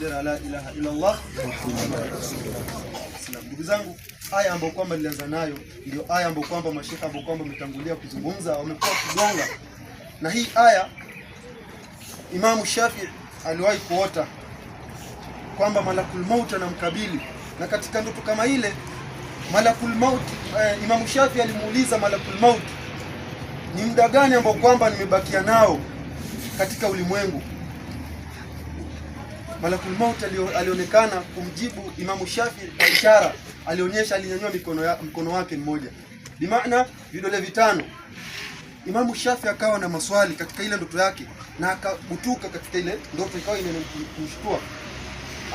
bendera la ilaha illa Allah Ndugu zangu, aya ambayo kwamba nilianza nayo ndio aya ambayo kwamba mashekha ambao kwamba wametangulia kuzungumza wamekuwa kugonga na hii aya. Imamu Shafi aliwahi kuota kwamba malakul maut anamkabili, na katika ndoto kama ile malakul maut eh, Imamu Shafi alimuuliza malakul maut, ni muda gani ambao kwamba nimebakia nao katika ulimwengu Malakul Maut alionekana kumjibu Imamu Shafi kwa ishara, alionyesha, alinyanyua mikono ya, mkono wake mmoja, bimaana vidole vitano. Imamu Shafi akawa na maswali katika ile ndoto yake na akabutuka katika ile ndoto, ikawa inamshtua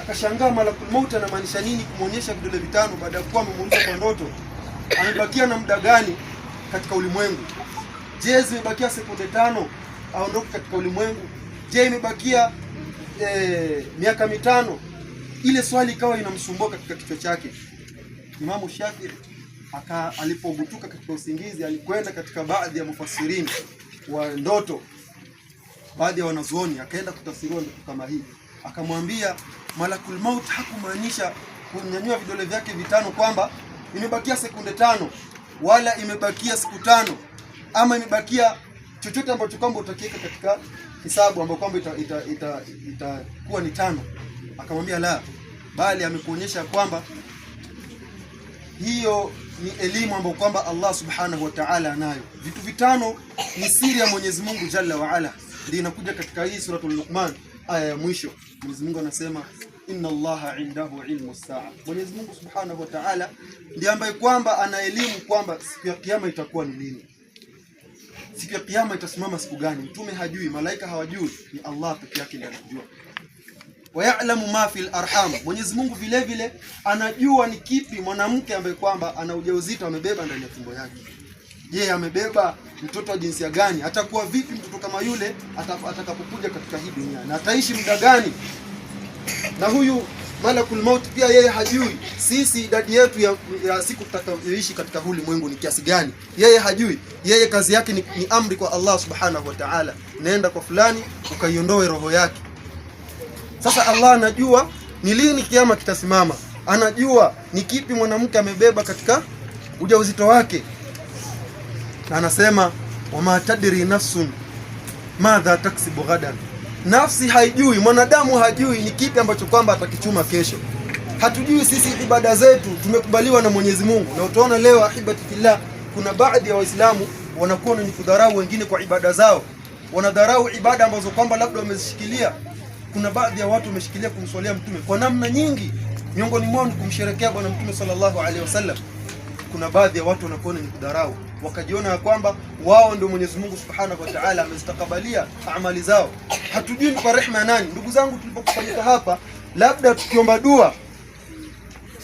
akashangaa, Malakul Maut anamaanisha nini kumwonyesha vidole vitano baada ya kuwa amemuuliza kwa ndoto amebakia na muda gani katika ulimwengu? Je, zimebakia sekunde tano aondoke katika ulimwengu? Je, imebakia eh, miaka mitano, ile swali ikawa inamsumbua katika kichwa chake. Imamu Shafi aka alipogutuka katika usingizi, alikwenda katika baadhi ya mufasirini wa ndoto, baadhi ya wanazuoni, akaenda kutafsiriwa ndoto kama hii, akamwambia malakul maut hakumaanisha kunyanyua vidole vyake vitano kwamba imebakia sekunde tano wala imebakia siku tano ama imebakia chochote ambacho kwamba utakiweka katika hisabu ambayo kwamba itakuwa ita, ita, ita ni tano. Akamwambia la, bali amekuonyesha kwamba hiyo ni elimu ambayo kwamba Allah subhanahu wa ta'ala anayo. Vitu vitano ni siri ya Mwenyezi Mungu jalla wa ala, ndio inakuja katika hii suratul Luqman aya ya mwisho. Mwenyezi Mungu anasema inna Allaha indahu ilmu saa, Mwenyezi Mungu subhanahu wa ta'ala ndiye ambaye kwamba ana elimu kwamba siku ya kiyama itakuwa ni nini. Siku ya kiyama itasimama siku gani? Mtume hajui, malaika hawajui, ni Allah peke yake ndiye anajua. Wa ya'lamu ma fil arham, Mwenyezi Mungu vile vile anajua ni kipi mwanamke ambaye kwamba ana ujauzito amebeba ndani ya tumbo yake. Je, amebeba mtoto wa jinsia gani? Atakuwa vipi mtoto kama yule atakapokuja katika hii dunia, na ataishi muda gani? Na huyu malakul kulmauti pia yeye hajui sisi idadi yetu ya, ya siku tutakayoishi katika huu ulimwengu ni kiasi gani. Yeye hajui, yeye kazi yake ni, ni amri kwa Allah subhanahu wa ta'ala, nenda kwa fulani ukaiondoe roho yake. Sasa Allah anajua ni lini kiama kitasimama, anajua ni kipi mwanamke amebeba katika ujauzito wake, na anasema wama tadri nafsun madha taksibu ghadan Nafsi haijui, mwanadamu hajui ni kipi ambacho kwamba atakichuma kesho. Hatujui sisi ibada zetu tumekubaliwa na Mwenyezi Mungu, na utaona leo ahibati fillah, kuna baadhi ya Waislamu wanakuwa ni kudharau wengine kwa ibada zao, wanadharau ibada ambazo kwamba labda wamezishikilia. Kuna baadhi ya watu wameshikilia kumswalia mtume kwa namna nyingi, miongoni mwao ni kumsherekea Bwana Mtume sallallahu alaihi wasallam kuna baadhi ya watu wanakuona ni kudharau, wakajiona ya kwamba wao ndio Mwenyezi Mungu Subhanahu wa Ta'ala amezitakabalia amali zao. Hatujui ni kwa rehema ya nani. Ndugu zangu, tulipokusanyika hapa, labda tukiomba dua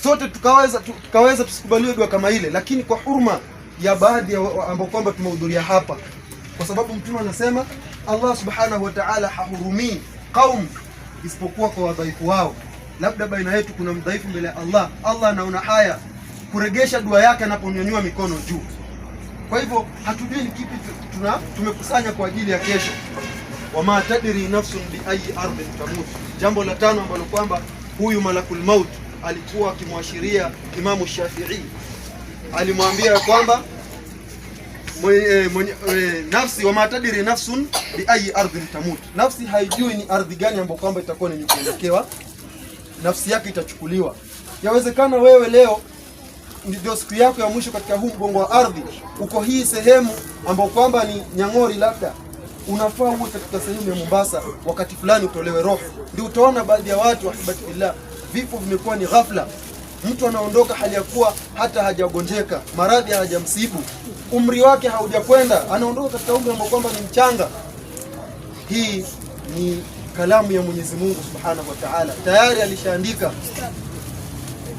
sote tukaweza tukaweza tusikubaliwe dua kama ile, lakini kwa huruma ya baadhi ambao kwamba tumehudhuria hapa, kwa sababu mtume anasema Allah Subhanahu wa Ta'ala hahurumii qaum isipokuwa kwa wadhaifu wao. Labda baina yetu kuna mdhaifu mbele ya Allah, Allah anaona haya kuregesha dua yake anaponyanyua mikono juu. Kwa hivyo hatujui ni kipi tuna tumekusanya kwa ajili ya kesho. Wama tadri nafsun bi ayi ardhin tamut. Jambo la tano ambalo kwamba huyu malakul maut alikuwa akimwashiria Imamu Shafi'i, alimwambia kwamba mwenye, mwenye, e, nafsi wama tadri nafsun bi ayi ardhin tamut, nafsi haijui ni ardhi gani ambayo kwamba itakuwa ni kuelekewa, nafsi yake itachukuliwa. Yawezekana wewe leo ndio siku yako ya mwisho katika huu mgongo wa ardhi. Uko hii sehemu ambayo kwamba ni Nyang'ori, labda unafaa uwe katika sehemu ya Mombasa, wakati fulani utolewe roho. Ndio utaona baadhi ya watu ahibati billah, vifo vimekuwa ni ghafla. Mtu anaondoka hali ya kuwa hata hajagonjeka, maradhi hajamsibu, umri wake haujakwenda, anaondoka katika umri ambao kwamba ni mchanga. Hii ni kalamu ya Mwenyezi Mungu Subhanahu wa Ta'ala, tayari alishaandika,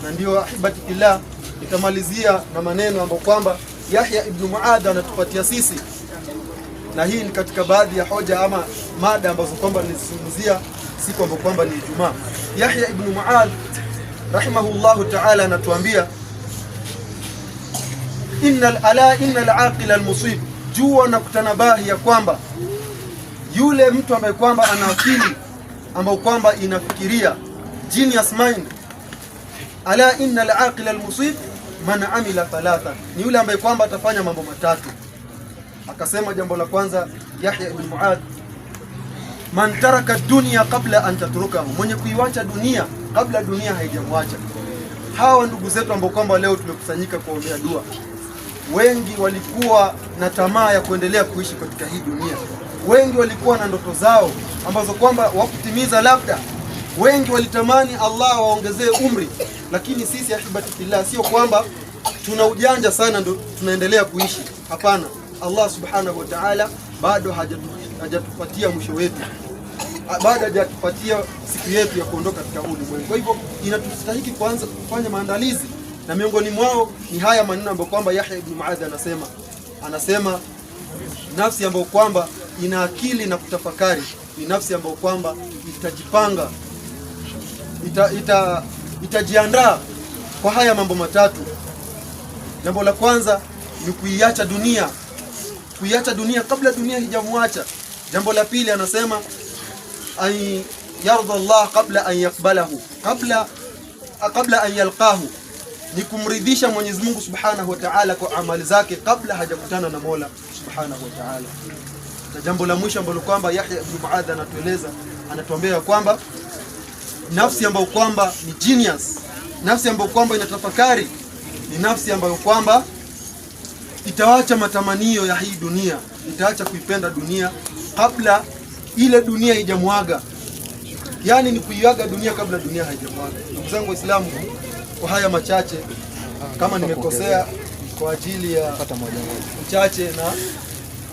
na ndio ahibati nitamalizia na maneno ambayo kwamba Yahya ibn Muadh anatupatia sisi, na hii ni katika baadhi ya hoja ama mada ambazo kwamba nilizungumzia siku ambayo kwamba ni Ijumaa. Yahya ibn Muadh rahimahullahu ta'ala anatuambia inna ala innal aqila almusib, jua na kutanabahi ya kwamba yule mtu ambaye kwamba ana akili ambayo kwamba inafikiria genius mind ala innal aqila almusib Mana amila thalatha, ni yule ambaye kwamba atafanya mambo matatu. Akasema jambo la kwanza Yahya ibn Muad, man taraka dunia kabla an tatrukahu, mwenye kuiwacha dunia kabla dunia haijamwacha. Hawa ndugu zetu ambao kwamba leo tumekusanyika kuombea dua, wengi walikuwa na tamaa ya kuendelea kuishi katika hii dunia, wengi walikuwa na ndoto zao ambazo kwamba wakutimiza, labda wengi walitamani Allah waongezee umri lakini sisi ahibati fillah, sio kwamba tuna ujanja sana ndo tunaendelea kuishi. Hapana, Allah subhanahu wa ta'ala bado hajatupatia mwisho wetu, bado hajatupatia siku yetu ya kuondoka katika ulimwengu. Kwa hivyo inatustahiki kuanza kufanya maandalizi, na miongoni mwao ni haya maneno ambayo kwamba Yahya ibn Muadh anasema anasema nafsi ambayo kwamba ina akili na kutafakari ni nafsi ambayo kwamba itajipanga ita, ita nitajiandaa kwa haya mambo matatu. Jambo la kwanza ni kuiacha dunia, kuiacha dunia kabla dunia hijamwacha. Jambo la pili anasema an yarda Allah kabla an yakbalahu, kabla kabla an yalqahu, ni kumridhisha Mwenyezi Mungu Subhanahu wa Ta'ala kwa amali zake kabla hajakutana na Mola Subhanahu wa Ta'ala. Na jambo la mwisho ambalo kwamba Yahya ibn Muadh anatueleza, anatuambia kwamba nafsi ambayo kwamba ni genius, nafsi ambayo kwamba inatafakari, ni nafsi ambayo kwamba itaacha matamanio ya hii dunia, itaacha kuipenda dunia kabla ile dunia ijamwaga Yaani ni kuiaga dunia kabla dunia haijamwaga. Ndugu zangu Waislamu, kwa haya machache, kama nimekosea, kwa ajili ya uchache na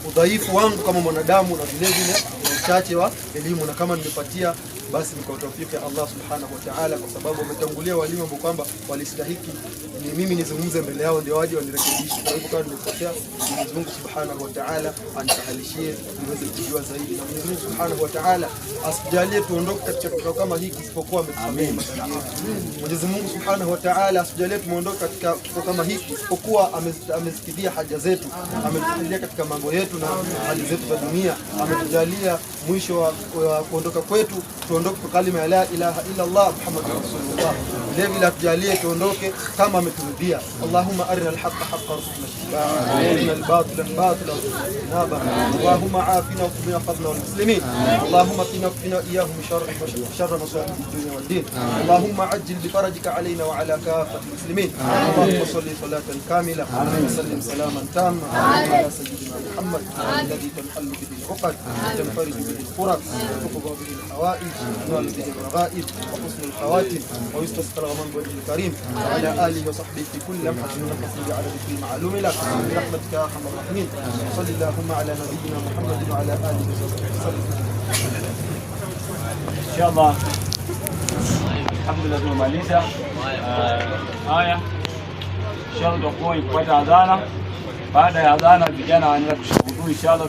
udhaifu wangu kama mwanadamu na vilevile uchache wa elimu, na kama nimepatia basi ni kwa tawfiki ya Allah subhanahu wa ta'ala, kwa sababu wametangulia walimu ambao kwamba walistahiki ni mimi nizungumze mbele yao, ndio waje wanirekebishe. Kwa hivyo kama nimekosea, Mwenyezi Mungu subhanahu wa ta'ala anisahalishie niweze kujua zaidi, na Mwenyezi Mungu subhanahu wa ta'ala asijalie tuondoke katika kikao kama hiki isipokuwa ametusamehe makosa yetu. Mwenyezi Mungu subhanahu wa ta'ala asijalie tumeondoka katika kikao kama hiki isipokuwa amezikidhia haja zetu, ametujalia katika mambo yetu na hali zetu za dunia, ametujalia mwisho wa kuondoka kwetu tuondoke kwa kalima la ilaha illa Allah Muhammad rasulullah. Vile vile atujalie tuondoke kama ameturudia. Allahumma arina alhaqa haqqan warzuqna ittiba'ahu wa arina albatila batila warzuqna ijtinabahu. Allahumma afina wa qina fadla wal muslimin. Allahumma qina qina iyyahum sharra sharra masa'ib ad-dunya wad din. Allahumma ajil bi farajika alayna wa ala kafati muslimin. Allahumma salli salatan kamila wa sallim salaman tamma ala sayyidina Muhammad. الذي تنحل به العقد وتنفرج به الفرق وتقضى به الحوائج وتنال به الرغائب وحسن الخواتم ويستسقى الغمام بوجه الكريم وعلى اله وصحبه في كل لمحه من لمحه على ذكر المعلوم لك برحمتك يا ارحم الراحمين وصل اللهم على نبينا محمد وعلى اله وصحبه وسلم ان شاء الله الحمد لله zuma maliza haya inshallah tutakuwa ikifuata بعد أذانا ya adhana vijana విషయాలు